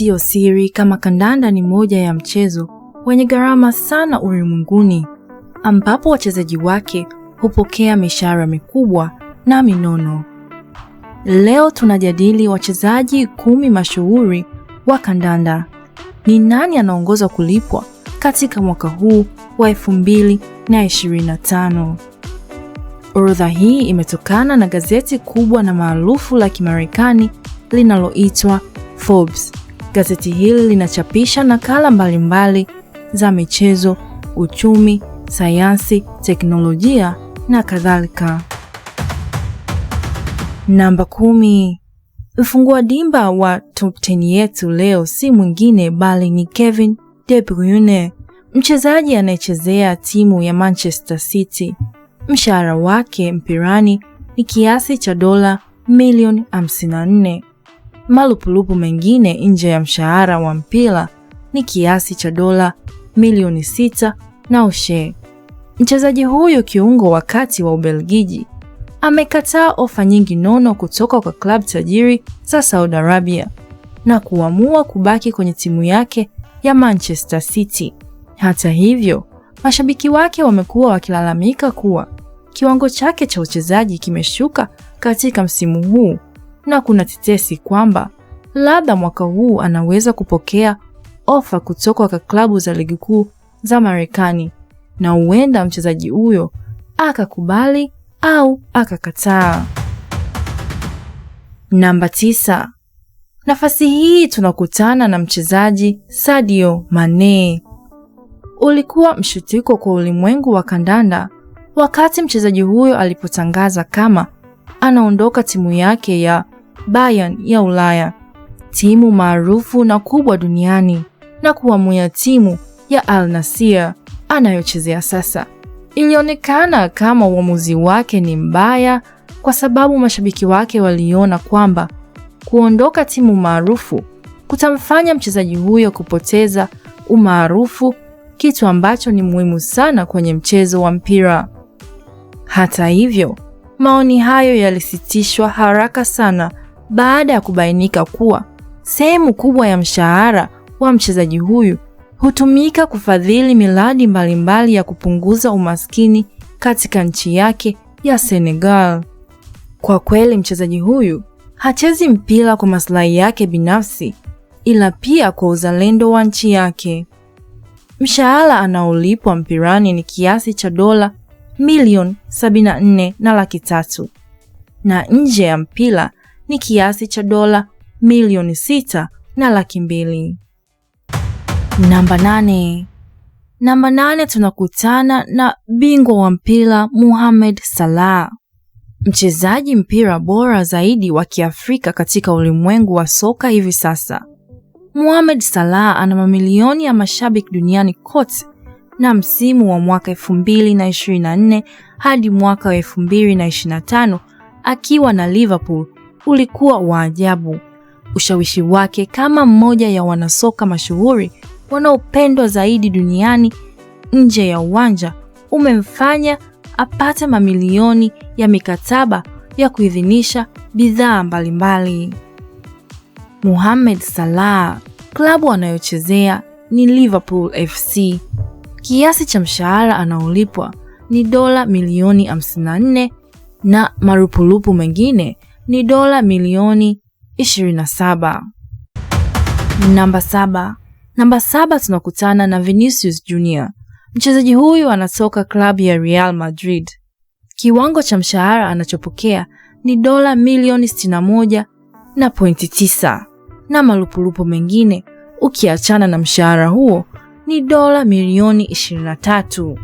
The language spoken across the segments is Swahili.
siyo siri kama kandanda ni moja ya mchezo wenye gharama sana ulimwenguni, ambapo wachezaji wake hupokea mishahara mikubwa na minono. Leo tunajadili wachezaji kumi mashuhuri wa kandanda. Ni nani anaongozwa kulipwa katika mwaka huu wa 2025? Orodha hii imetokana na gazeti kubwa na maarufu la Kimarekani linaloitwa Forbes. Gazeti hili linachapisha nakala mbalimbali za michezo, uchumi, sayansi, teknolojia na kadhalika. Namba kumi. Mfungua dimba wa top 10 yetu leo si mwingine bali ni Kevin De Bruyne, mchezaji anayechezea timu ya Manchester City. Mshahara wake mpirani ni kiasi cha dola milioni 54 malupulupu mengine nje ya mshahara wa mpira ni kiasi cha dola milioni sita na ushe. Mchezaji huyo kiungo wa kati wa Ubelgiji amekataa ofa nyingi nono kutoka kwa klabu tajiri za Saudi Arabia na kuamua kubaki kwenye timu yake ya Manchester City. Hata hivyo, mashabiki wake wamekuwa wakilalamika kuwa kiwango chake cha uchezaji kimeshuka katika msimu huu na kuna tetesi kwamba labda mwaka huu anaweza kupokea ofa kutoka kwa klabu za ligi kuu za Marekani, na huenda mchezaji huyo akakubali au akakataa. Namba tisa. Nafasi hii tunakutana na mchezaji Sadio Mane. Ulikuwa mshtuko kwa ulimwengu wa kandanda wakati mchezaji huyo alipotangaza kama anaondoka timu yake ya Bayern ya Ulaya, timu maarufu na kubwa duniani, na kuamua timu ya Al Nassr anayochezea sasa. Ilionekana kama uamuzi wake ni mbaya kwa sababu mashabiki wake waliona kwamba kuondoka timu maarufu kutamfanya mchezaji huyo kupoteza umaarufu, kitu ambacho ni muhimu sana kwenye mchezo wa mpira. Hata hivyo, maoni hayo yalisitishwa haraka sana baada ya kubainika kuwa sehemu kubwa ya mshahara wa mchezaji huyu hutumika kufadhili miradi mbalimbali ya kupunguza umaskini katika nchi yake ya Senegal. Kwa kweli mchezaji huyu hachezi mpira kwa maslahi yake binafsi, ila pia kwa uzalendo wa nchi yake. Mshahara anaolipwa mpirani ni kiasi cha dola milioni 74 na laki tatu, na nje ya mpira ni kiasi cha dola milioni sita na laki mbili. Namba nane. Namba nane tunakutana na bingwa wa mpira Mohamed Salah, mchezaji mpira bora zaidi wa Kiafrika katika ulimwengu wa soka hivi sasa. Mohamed Salah ana mamilioni ya mashabiki duniani kote, na msimu wa mwaka 2024 hadi mwaka wa 2025 akiwa na Liverpool ulikuwa wa ajabu. Ushawishi wake kama mmoja ya wanasoka mashuhuri wanaopendwa zaidi duniani nje ya uwanja umemfanya apate mamilioni ya mikataba ya kuidhinisha bidhaa mbalimbali. Mohamed Salah, klabu anayochezea ni Liverpool FC. Kiasi cha mshahara anaolipwa ni dola milioni 54 na marupurupu mengine ni dola milioni 27. Namba saba. Namba saba tunakutana na Vinicius Junior. Mchezaji huyu anatoka klabu ya Real Madrid. Kiwango cha mshahara anachopokea ni dola milioni 61 na pointi tisa, na malupulupu mengine ukiachana na mshahara huo ni dola milioni 23.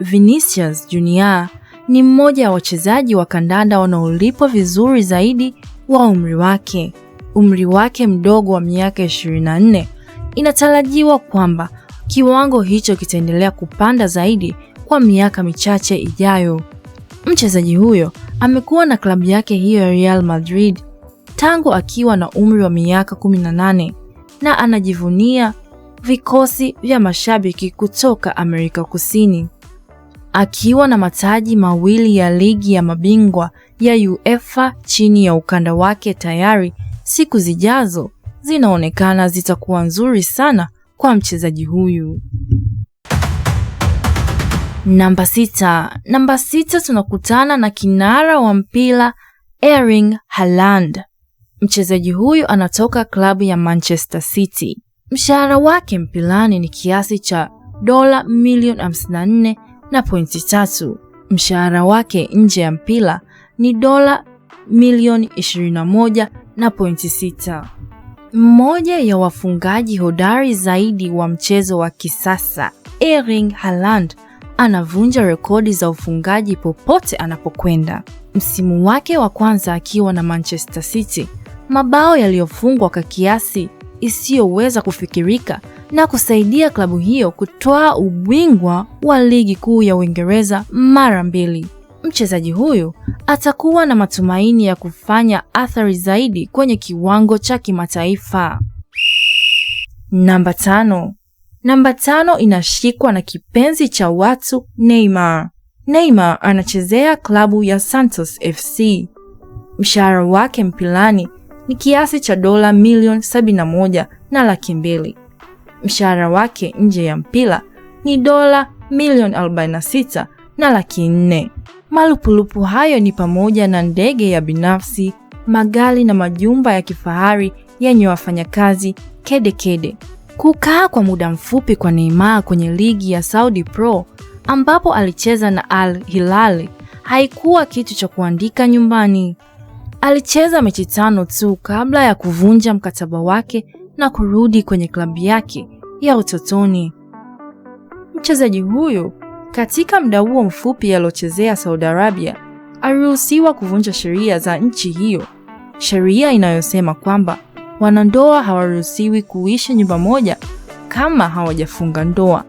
Vinicius Junior ni mmoja wa wachezaji wa kandanda wanaolipwa vizuri zaidi wa umri wake. Umri wake mdogo wa miaka 24, inatarajiwa kwamba kiwango hicho kitaendelea kupanda zaidi kwa miaka michache ijayo. Mchezaji huyo amekuwa na klabu yake hiyo ya Real Madrid tangu akiwa na umri wa miaka 18 na anajivunia vikosi vya mashabiki kutoka Amerika Kusini akiwa na mataji mawili ya ligi ya mabingwa ya UEFA chini ya ukanda wake tayari, siku zijazo zinaonekana zitakuwa nzuri sana kwa mchezaji huyu. Namba sita. Namba sita tunakutana na kinara wa mpira Erling Haaland. Mchezaji huyu anatoka klabu ya Manchester City. Mshahara wake mpilani ni kiasi cha dola milioni 54 na pointi tatu. Mshahara wake nje ya mpira ni dola milioni 21 na pointi sita. Mmoja ya wafungaji hodari zaidi wa mchezo wa kisasa Erling Haaland anavunja rekodi za ufungaji popote anapokwenda. Msimu wake wa kwanza akiwa na Manchester City, mabao yaliyofungwa kwa kiasi isiyoweza kufikirika na kusaidia klabu hiyo kutwaa ubingwa wa ligi kuu ya Uingereza mara mbili. Mchezaji huyu atakuwa na matumaini ya kufanya athari zaidi kwenye kiwango cha kimataifa. Namba tano. Namba tano inashikwa na kipenzi cha watu Neymar. Neymar anachezea klabu ya Santos FC. Mshahara wake mpilani ni kiasi cha dola milioni 71 na laki mbili mshahara wake nje ya mpira ni dola milioni 46 na laki nne. Malupulupu hayo ni pamoja na ndege ya binafsi, magari na majumba ya kifahari yenye wafanyakazi kedekede. Kukaa kwa muda mfupi kwa Neymar kwenye ligi ya Saudi Pro ambapo alicheza na Al Hilal haikuwa kitu cha kuandika nyumbani. Alicheza mechi tano tu kabla ya kuvunja mkataba wake na kurudi kwenye klabu yake ya utotoni. Mchezaji huyu katika muda huo mfupi aliochezea Saudi Arabia aliruhusiwa kuvunja sheria za nchi hiyo, sheria inayosema kwamba wanandoa hawaruhusiwi kuishi nyumba moja kama hawajafunga ndoa,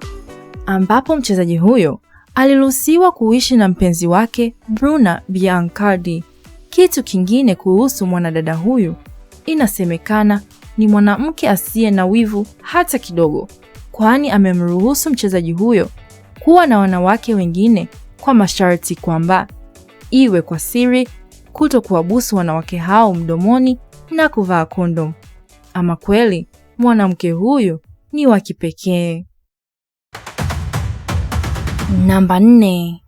ambapo mchezaji huyo aliruhusiwa kuishi na mpenzi wake Bruna Biancardi. Kitu kingine kuhusu mwanadada huyu, inasemekana ni mwanamke asiye na wivu hata kidogo, kwani amemruhusu mchezaji huyo kuwa na wanawake wengine kwa masharti kwamba iwe kwa siri, kuto kuwabusu wanawake hao mdomoni na kuvaa kondom. Ama kweli mwanamke huyu ni wa kipekee. Namba nne.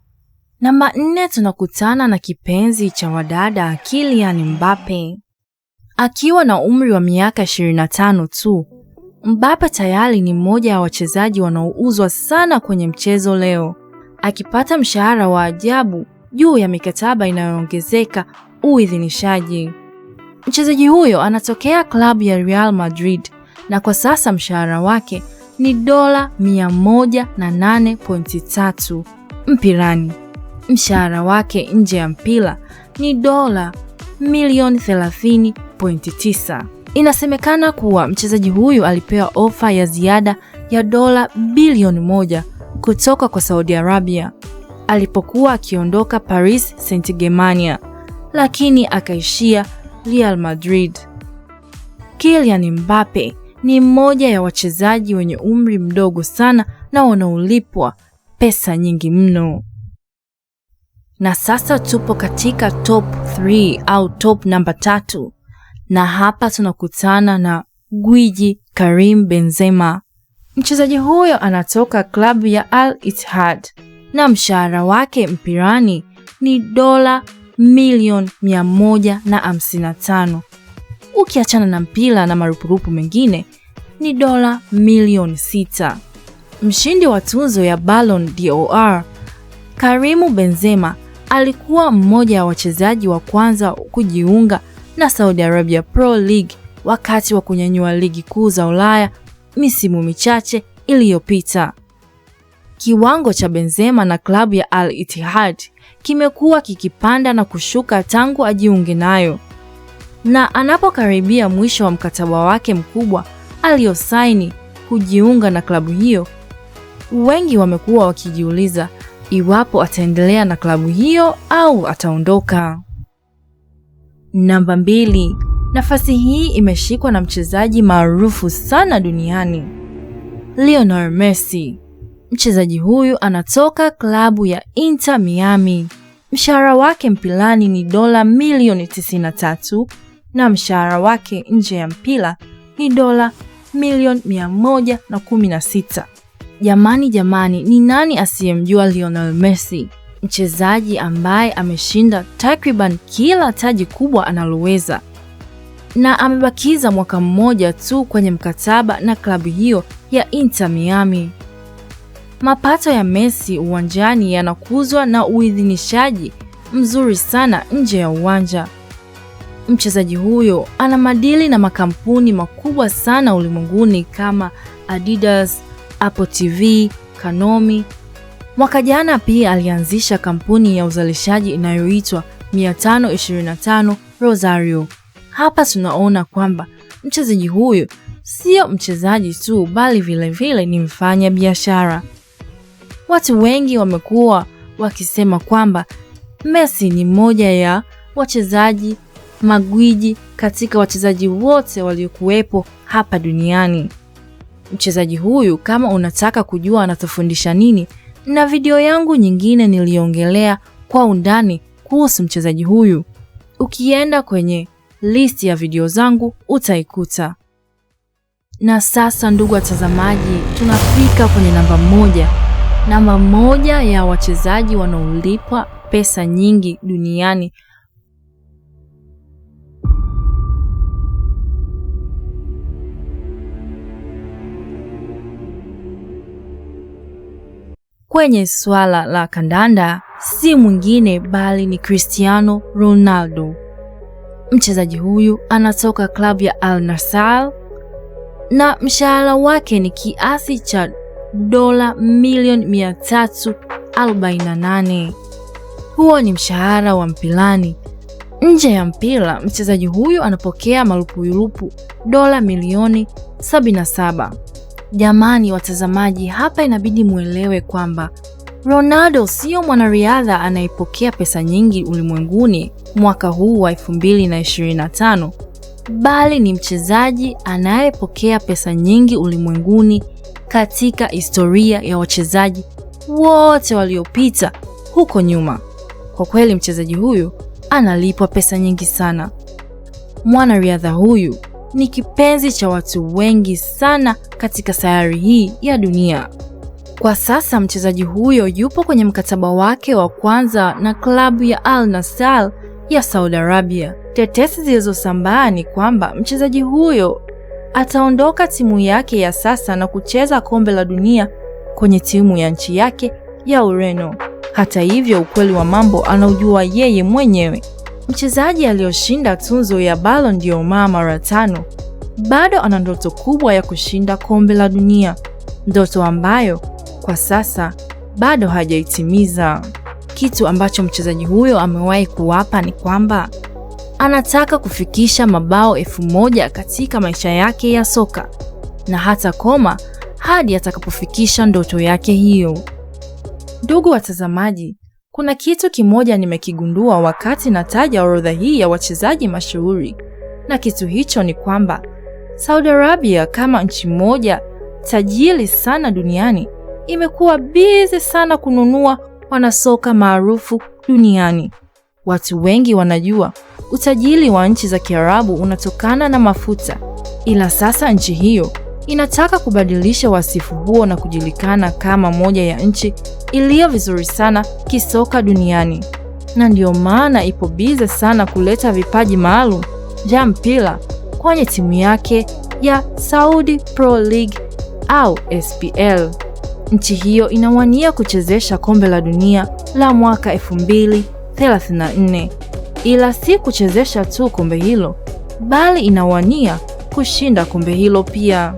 Namba nne tunakutana na kipenzi cha wadada Kylian yaani Mbappe. Akiwa na umri wa miaka 25 tu, Mbappe tayari ni mmoja wa wachezaji wanaouzwa sana kwenye mchezo leo, akipata mshahara wa ajabu juu ya mikataba inayoongezeka uidhinishaji. Mchezaji huyo anatokea klabu ya Real Madrid na kwa sasa mshahara wake ni dola 108.3 mpirani. Mshahara wake nje ya mpira ni dola milioni pointi Inasemekana kuwa mchezaji huyu alipewa ofa ya ziada ya dola bilioni moja kutoka kwa Saudi Arabia alipokuwa akiondoka Paris Saint-Germain, lakini akaishia Real Madrid. Kylian Mbappe ni mmoja ya wachezaji wenye umri mdogo sana na wanaolipwa pesa nyingi mno. Na sasa tupo katika top 3 au top namba tatu na hapa tunakutana na gwiji Karim Benzema. Mchezaji huyo anatoka klabu ya Al Ittihad na mshahara wake mpirani ni dola milioni 155. Ukiachana na mpira na marupurupu mengine ni dola milioni 6. Mshindi wa tuzo ya Ballon d'Or Karimu Benzema alikuwa mmoja wa wachezaji wa kwanza kujiunga na Saudi Arabia Pro League wakati wa kunyanyua ligi kuu za Ulaya misimu michache iliyopita. Kiwango cha Benzema na klabu ya Al Ittihad kimekuwa kikipanda na kushuka tangu ajiunge nayo, na anapokaribia mwisho wa mkataba wake mkubwa aliyosaini kujiunga na klabu hiyo, wengi wamekuwa wakijiuliza iwapo ataendelea na klabu hiyo au ataondoka. Namba mbili, nafasi hii imeshikwa na mchezaji maarufu sana duniani Lionel Messi. Mchezaji huyu anatoka klabu ya Inter Miami. Mshahara wake mpilani ni dola milioni 93 na mshahara wake nje ya mpira ni dola milioni 116. Jamani jamani, ni nani asiyemjua Lionel Messi? mchezaji ambaye ameshinda takriban kila taji kubwa analoweza na amebakiza mwaka mmoja tu kwenye mkataba na klabu hiyo ya Inter Miami. Mapato ya Messi uwanjani yanakuzwa na uidhinishaji mzuri sana nje ya uwanja. Mchezaji huyo ana madili na makampuni makubwa sana ulimwenguni kama Adidas, Apple TV, Kanomi Mwaka jana pia alianzisha kampuni ya uzalishaji inayoitwa 525 Rosario. Hapa tunaona kwamba mchezaji huyu sio mchezaji tu bali vilevile vile ni mfanya biashara. Watu wengi wamekuwa wakisema kwamba Messi ni mmoja ya wachezaji magwiji katika wachezaji wote waliokuwepo hapa duniani. Mchezaji huyu kama unataka kujua anatufundisha nini, na video yangu nyingine niliongelea kwa undani kuhusu mchezaji huyu. Ukienda kwenye listi ya video zangu utaikuta. Na sasa, ndugu watazamaji, tunafika kwenye namba moja, namba moja ya wachezaji wanaolipwa pesa nyingi duniani kwenye suala la kandanda si mwingine bali ni Cristiano Ronaldo. Mchezaji huyu anatoka klabu ya Al Nassr na mshahara wake ni kiasi cha dola milioni 348. Huo ni mshahara wa mpilani. Nje ya mpira, mchezaji huyu anapokea marupurupu dola milioni 77. Jamani watazamaji, hapa inabidi mwelewe kwamba Ronaldo sio mwanariadha anayepokea pesa nyingi ulimwenguni mwaka huu wa 2025, bali ni mchezaji anayepokea pesa nyingi ulimwenguni katika historia ya wachezaji wote waliopita huko nyuma. Kwa kweli mchezaji huyu analipwa pesa nyingi sana. Mwanariadha huyu ni kipenzi cha watu wengi sana katika sayari hii ya dunia. Kwa sasa mchezaji huyo yupo kwenye mkataba wake wa kwanza na klabu ya Al Nassr ya Saudi Arabia. Tetesi zilizosambaa ni kwamba mchezaji huyo ataondoka timu yake ya sasa na kucheza kombe la dunia kwenye timu ya nchi yake ya Ureno. Hata hivyo, ukweli wa mambo anaujua yeye mwenyewe. Mchezaji aliyoshinda tunzo ya Ballon d'Or mara tano bado ana ndoto kubwa ya kushinda kombe la dunia, ndoto ambayo kwa sasa bado hajaitimiza. Kitu ambacho mchezaji huyo amewahi kuwapa ni kwamba anataka kufikisha mabao elfu moja katika maisha yake ya soka na hata koma hadi atakapofikisha ndoto yake hiyo. Ndugu watazamaji, kuna kitu kimoja nimekigundua wakati nataja orodha hii ya wachezaji mashuhuri, na kitu hicho ni kwamba Saudi Arabia kama nchi moja tajiri sana duniani imekuwa bize sana kununua wanasoka maarufu duniani. Watu wengi wanajua utajiri wa nchi za Kiarabu unatokana na mafuta, ila sasa nchi hiyo inataka kubadilisha wasifu huo na kujulikana kama moja ya nchi iliyo vizuri sana kisoka duniani, na ndiyo maana ipo bize sana kuleta vipaji maalum vya mpira kwenye timu yake ya Saudi Pro League au SPL. Nchi hiyo inawania kuchezesha kombe la dunia la mwaka 2034, ila si kuchezesha tu kombe hilo, bali inawania kushinda kombe hilo pia.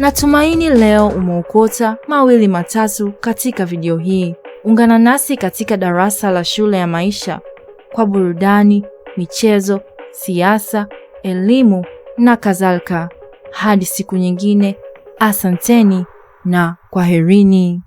Natumaini leo umeokota mawili matatu katika video hii. Ungana nasi katika darasa la Shule ya Maisha kwa burudani, michezo, siasa, elimu na kadhalika. Hadi siku nyingine, asanteni na kwaherini.